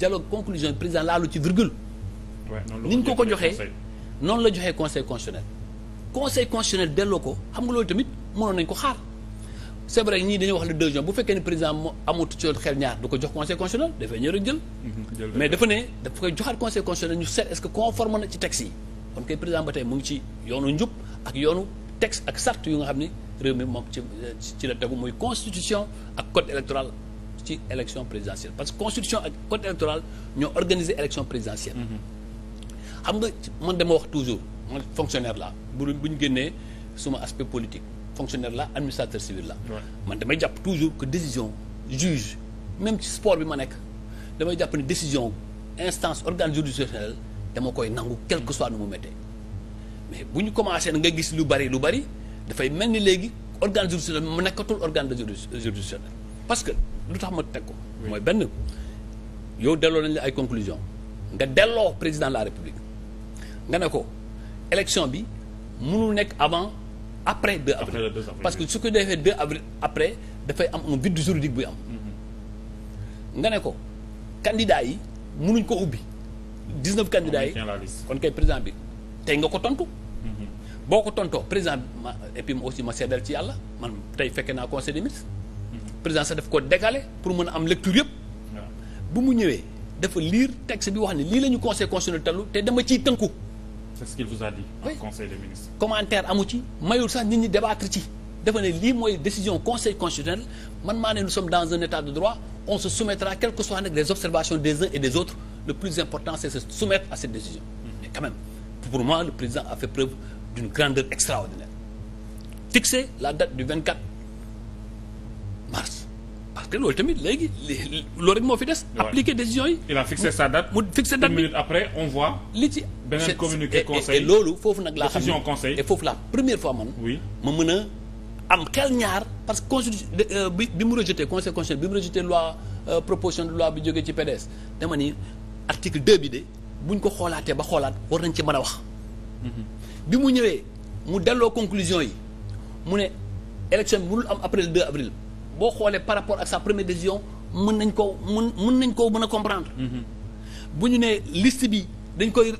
jaloo conclusion président laalu ci virgule. ni ñu ko ko joxee noonu la joxe conseil constitutionnel. conseil constitutionnel delloo ko xam nga loolu tamit mënoon nañ ko xaar c'est vrai ñii wax le deux juin bu fekkee ne président mu amut ci xel ñaar du ko jox conseil constitutionnel dafay ñëw mhm, mais dafa ne dafa koy joxaat conseil constitutionnel ñu seet est-ce que conforme na ci texte yi kon kay président ba tey mu ngi ci yoonu njub ak yoonu texte ak sart yu nga xam ni réew mi moom ci ci la tegu muy constitution ak code électoral. ci élection présidentielle parce que constitution ak code électoral ñoo organiser élection présidentielle. Mhm. xam nga man dama wax toujours man fonctionnaire la bu bu ñu génnee suma aspect politique fonctionnaire la administrateur civil la. man damay jàpp toujours que décision juge même ci sport bi ma nekk damay jàpp ne décision instance organe juridictionnel dama koy nangu quel que soit nu mu méttee mais bu ñu commencé na nga gis lu bari lu bari dafay mel ni léegi organe juridictionnel mu nekkatul organe de juridictionnel lu tax ma teg ko. mooy benn yow delloo nañ ay conclusion nga delloo président de la république nga ne ko élection bi mënul nekk avant après de avril. après 2 parce que su ko defee de avril après dafay am un vide juridique buy am. Mm-hmm. nga ne ko candidat yi munuñ ko ubbi. 19 candidats yi kon kay président bi tey nga ko tontu. Mm-hmm. boo ko tontoo président ma et puis aussi ma seddal ci yàlla man tey fekke naa conseil des ministres. président sax daf ko décaler pour mën a am lecture yëpp. bu mu ñëwee dafa liir texte bi wax ne lii la ñu conseil constitutionnel tallu te dama ciy tënku. c'est ce qu'il vous a dit. commentaire amu ci mayul sax nit ñi débattre ci. dafa ne lii mooy décision conseil constitutionnel man maa ne nous sommes dans un état de droit on se soumettra quelles que soient nag les observations des uns et des autres le plus important c'est se soumettre à cette décision. Mm-hmm. mais quand même pour moi le président la date du 24. que loolu tamit léegi loolu rek moo fi des. appliquer décision yi. il a fixé sa date. mu fixé date bi après on voit. li ci beneen conseil loolu foofu nag laa xam décision conseil et foofu la première fois man. ma mën a am xel ñaar parce que constitution euh, bi bi mu rejeté conseil constitutionnel bi mu rejeté loi euh, proposition de loi bi jógee ci PDS dama ni article 2 bi de buñ ko xoolaatee ba xoolaat war nañ ci mën a wax. Mm-hmm. bi mu ñëwee mu delloo conclusion yi mu ne élection bi mënul am après le 2 avril. boo xoolee par rapport ak sa première décision mën nañ ko mën mën nañ koo mën a comprendre mhm. bu ñu nee list bi dañ koy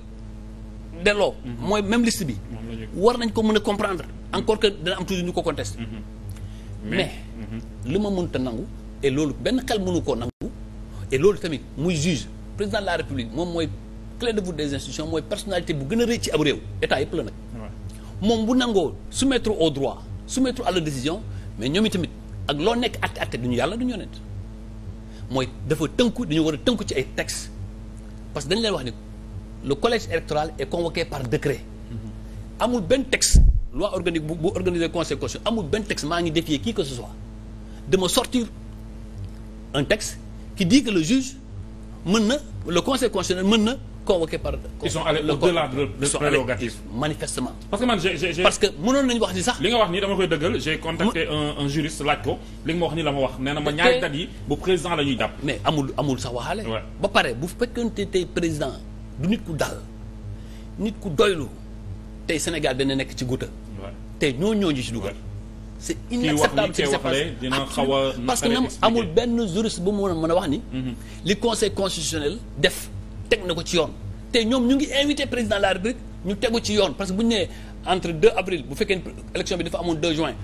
delloo mhm. mooy même liste bi war nañ ko mën a comprendre encore que dana am toujours ñu ko conteste mhm. mais li ma mënta nangu et loolu benn xel mënu koo nangu loolu tamit muy juge président de la république moom mooy clé de voûte des institutions mooy personnalité bu gën a rëy ci ab réew état yëpp la nag moom bu nangoo soumettre au droit su à la décision mais ñoom itamit ak loo nekk àtte àtte du ñu yàlla du ñu yonent mooy dafa tënku dañu war a tënku ci ay textes parce que dañu leen wax ni le collège électoral est convoqué par décret mm-hmm. amul benn texte loi organique bu bu organiser conseil amul benn texte maa ngi défier qui que ce soit dama me sortir un texte qui dit que le juge mën na le conseil constitutionnel mën na convoqués par. ils sont allés au-delà de leurs prérogatives manifestement. parce que man nañu wax ni sax. li nga wax nii dama koy dëggal j'ai contacté un un juriste laaj ko li nga ma wax nii la ma wax nee na ma ñaari date yi bu mais amul sax waxaale. ba pare bu fekkente tey président du nit ku dal nit ku doylu tey Sénégal dana nekk ci guuta tey ñoo ñoo ci dugal. c'est inacceptable ce qui parce que amul benn juriste bu mu mën a wax ni. Mhm. li conseil constitutionnel def. teg na ko ci yoon te ñoom ñu ngi invité président de la République ñu tegu ci yoon parce que bu ñu nee entre 2 avril bu fekkee élection bi dafa amoon 2 juin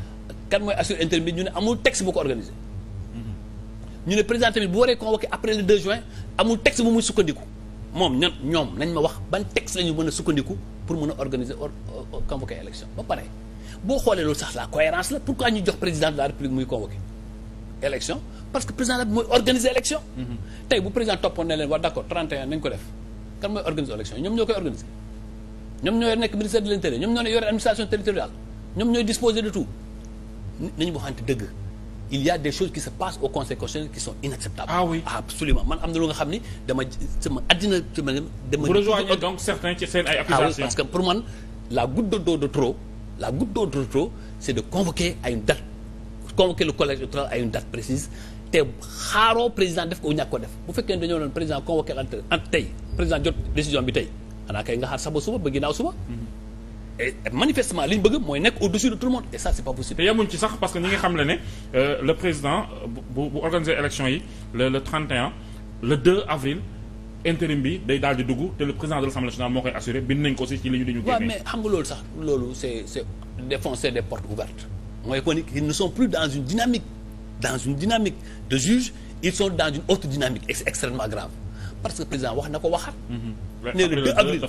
bi ñu ne amul texte bu ko organisé ñu ne président tamit bu waree convoqué après le 2 juin amul texte bu muy sukkandiku moom ñan ñoom nañ ma wax ban texte la ñu mën a sukkandiku pour mën a organiser or convoqué élection ba pare boo xoolee loolu sax la cohérence la pourquoi ñu jox président de la république muy convoqué élection parce que président la mooy organiser élection. Mhm. tey bu président toppoon ne leen waa d' accord 31 nañ ko def kan mooy organiser élection ñoom ñoo koy organiser ñoom ñoo nekk ministère de l' intérieur ñoom ñoo ne yore administration territoriale ñoom ñooy disposer de tout nañu waxante dëgg. il y a des choses qui se passent au conseil constitutionnel qui sont inacceptables. Ah absolument man am na lu nga xam ni dama sama àddina dama. dama rejoignez donc certains ci seen ah pour man la goutte d'eau de trop la goutte d'eau de trop c'est de convoquer à une date. convoquer le collège électoral à une date précise te xaaroo président def ko ñàkk ko def bu fekkee dañoo doon président convoqué en tey président jot décision bi tey xanaa kay nga xaar sax ba suba ba ginnaaw suba. Mhm. et manifestement li ñu bëgg mooy nekk au-dessus de tout le monde et ça c'est pas possible. te yemuñ ci sax parce que ñi nga xam la ne euh, le président bu bu organiser élection yi le le 31 le 2 avril. intérim bi day daal di te mooy kon ils ne sont plus dans une dynamique dans une dynamique de juge ils sont dans une autre dynamique et c'est extrêmement grave parce que président wax na ko waxaat. Mhm. nee le 2 avril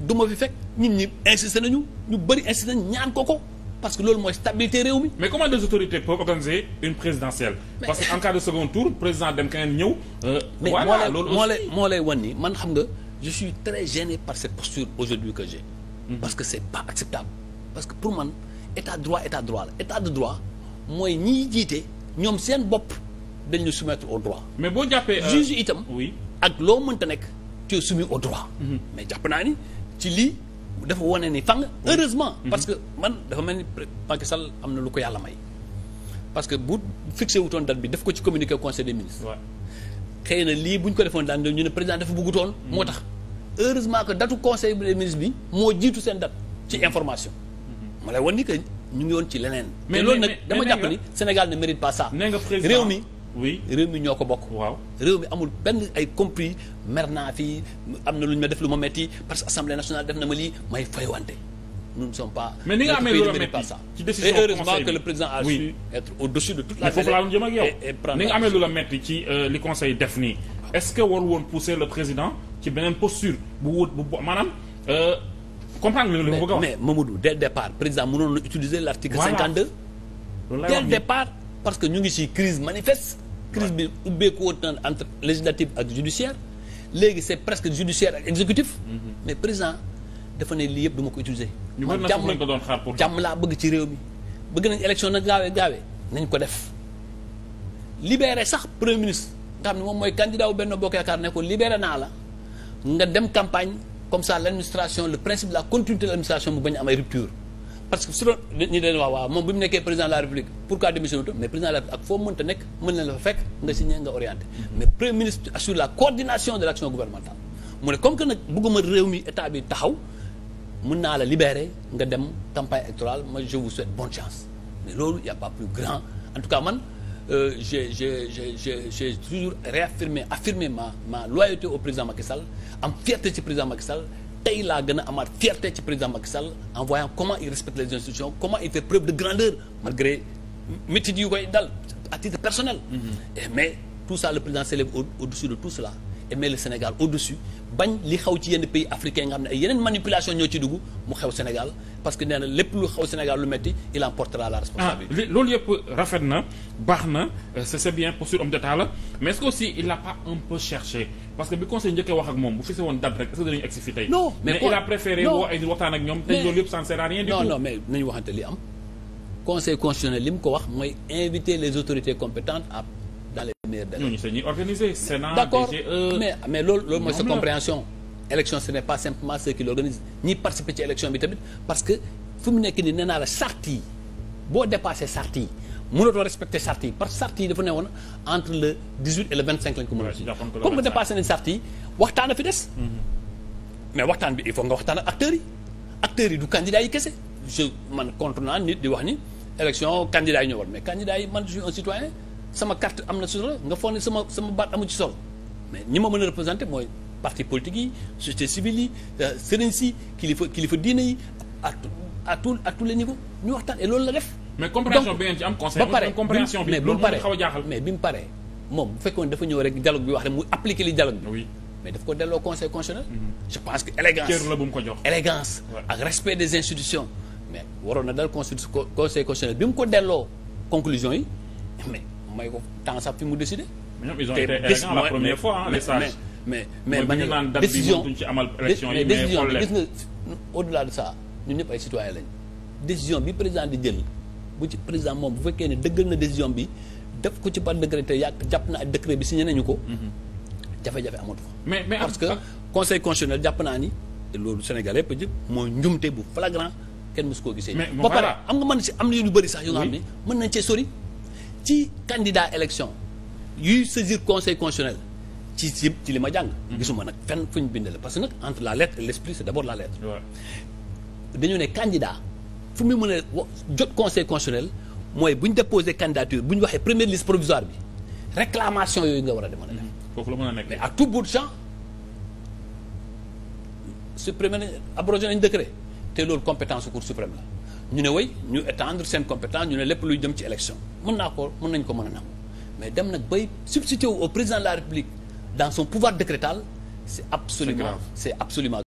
du ma fi fekk nit ñi insisté nañu ñu bëri insisté nañu ñaan ko ko parce que loolu mooy stabilité réew mi. mais comment des autorités peuvent organiser une présidentielle. parce que en cas de second tour président dem keneen ñëw. Euh, voilà loolu moo lay moo lay wan ni man xam nga je suis très gêné par cette que j'ai mhm. parce état droit état droit la état de droit mooy ñiy jiite ñoom seen bopp dañ la soumettre au droit. mais boo jàppee euh, juge itam. ak loo mënta nekk tu es soumis au droit. Mm-hmm. mais jàpp naa ni ci lii dafa wane ni fang. heureusement mm-hmm. parce que man dafa mel ni Macky Sall am na lu ko yàlla may. parce que bu fixé wutoon date bi daf ko ci communiqué conseil des ministres. xëy na lii bu ñu ko defoon daan ñu ne président dafa bëggutoon. moo mm-hmm. tax heureusement que datu conseil des ministres bi moo jiitu seen dat ci information. ma lay wan ñu ngi woon ci leneen. mais loolu nag dama jàpp ni Sénégal ne mérite pas ça. nga président réew mi. ñoo ko bokk. réew mi amul benn ay compris mer naa fii am na lu ñu ma def lu ma metti parce que assemblée nationale def na ma lii may faywante nous ne sommes pas. mais ni nga amee loolu metti ci décision conseil bi lu la metti ci euh, li conseil def nii. est-ce que war woon pousser le président ci beneen posture bu wut bu maanaam. Euh, comprendre nga li ma bëgg a wax mais Mamadou dès le départ président mënoon na utiliser l' article. voilà 52. loolu dès parce que ñu ngi ci crise manifeste. crise bi ubbeeku woon na entre législative ak judiciaire léegi c' est presque judiciaire ak exécutif. Mhm. mais président dafa ne lii yëpp du ma ko utiliser. man mën na ko doon xaar pour jàmm laa bëgg ci réew mi. bëgg nañ élection na gaawee gaawee nañ ko def libéré sax premier ministre nga xam ne moom mooy candidat wu benn bokk yaakaar ne ko libéré naa la nga dem campagne. comme ça l'administration le principe de la continuité de l'administration mu bañ a am ay rupture parce que su doon ñu leen wax waaw moom bi mu nekkee président de la république pourquoi démissionné to mais président de la république ak foo mënta nekk mën na la fa fekk nga signé nga orienté mm-hmm. mais premier ministre assure la coordination de l'action gouvernementale mu ne comme que nag bëgguma réew mi état bi taxaw mën naa la libérer nga dem campagne électorale ma je vous souhaite bonne loolu y en tout cas man euh, j'ai j'ai j'ai j'ai toujours réaffirmé affirmé ma ma loyauté au président Macky Sall am fierté ci président Macky Sall tey laa gën a amaat fierté ci président Macky Sall en voyant comment il respecte les institutions comment il fait preuve de grandeur malgré métit yu koy dal à titre mm-hmm. mais tout ça le président s'élève au, au-dessus de tout cela et met le Sénégal au-dessus bañ li xaw ci yenn pays africains nga xam ne ay yeneen manipulation ñoo ci dugg mu xew Sénégal parce que nee na lépp lu xew Sénégal lu metti il en portera ah, yëpp rafet na baax na euh, c'est bien posture homme d'État la mais est-ce que pas un peu cherché parce que bi conseil njëkkee wax ak moom bu fixé woon date rek est mais il a préféré woo ay waxtaan ak ñoom tey loolu yëpp ça ne sert rien du tout. non mais nañu waxante li am conseil constitutionnel li mu ko wax mooy inviter les autorités compétentes à. meilleur délai. ñooñu dañuy organiser Sénat, d'accord e. mais mais loolu loolu mooy sa compréhension. élection ce n'est pas simplement ceux qui l'organisent ñiy participer ci élection bi tamit parce que fu mu nekk nii nee naa la charte yi boo dépassé charte yi mënatoo respecter charte yi parce que charte yi dafa ne woon entre le 18 et le 25 lañ ko mën a. comme dépassé nañ charte yi waxtaan a fi des. Mm-hmm. mais waxtaan bi il faut nga waxtaan ak acteurs yi acteurs yi du candidats yi kese je man contre naa nit di wax ni élection candidats yi ñëwoon mais candidats yi man je suis un sama carte am na solo nga foog ne sama sama baat amu ci solo mais ñi ma mën a représenté mooy parti politique yi société civile yi euh, sëriñ si kilifa kilifa diine yi à à tout à tous les niveaux ñu waxtaan et loolu la def. mais compréhension bi ngeen ci am conseil. ba pare compréhension bi loolu moo a jaaxal mais bi mu paree moom bu fekkoon dafa ñëw rek dialogue bi wax rek mu appliquer li dialogue bi. mais daf ko delloo conseil constitutionnel. Mm-hmm. je pense que élégance cër la bu mu ko jox. élégance ak respect des institutions. mais waroon na dal conseil conseil constitutionnel bi mu ko delloo conclusion yi may ko temps sax fi mu décidé. mais ñoom ils ont été élégants la première fois les sages mais mais mais man décision ci amal élection yi mais problème gis nga au-delà de ça ñun ñëpp ay citoyens lañ décision bi président di jël bu ci président moom bu fekkee ne dëggal na décision bi def ko ci par décret te yàgg jàpp na ak décret bi signé nañu ko. Mhm. jafe-jafe amatu fa. mais mais parce que conseil constitutionnel jàpp naa ni loolu Sénégal yëpp jëpp mooy njumte bu flagrant kenn mësu koo gisee. mais ba pare am nga mën si am na yu bëri sax yu nga xam ne mën nañ cee sori. ci candidat élection yuy saisir conseil constitutionnel ci ci ci li ma jàng. Mhm. gisuma nag fenn fu ñu bind bindale parce que nag entre la lettre et l' esprit c' est d' abord la lettre. dañoo ne candidat fu muy mën a jot conseil constitutionnel mooy bu ñu déposé candidature bu ñu waxee première liste provisoire bi réclamation yooyu nga war a demoon a def. Mhm. foofu la mën a nekk mais à tout bout de champ supprimer nañ abrogé nañ décret te loolu compétence su cour suprême la. ñu ne way ñu étendre seen compétent ñu ne lépp luy jëm ci élection mën naa ko mën nañ ko mën a nangu mais dem nag bay substituer au président de la république dans son pouvoir décrétal c'est absolument c'est absolument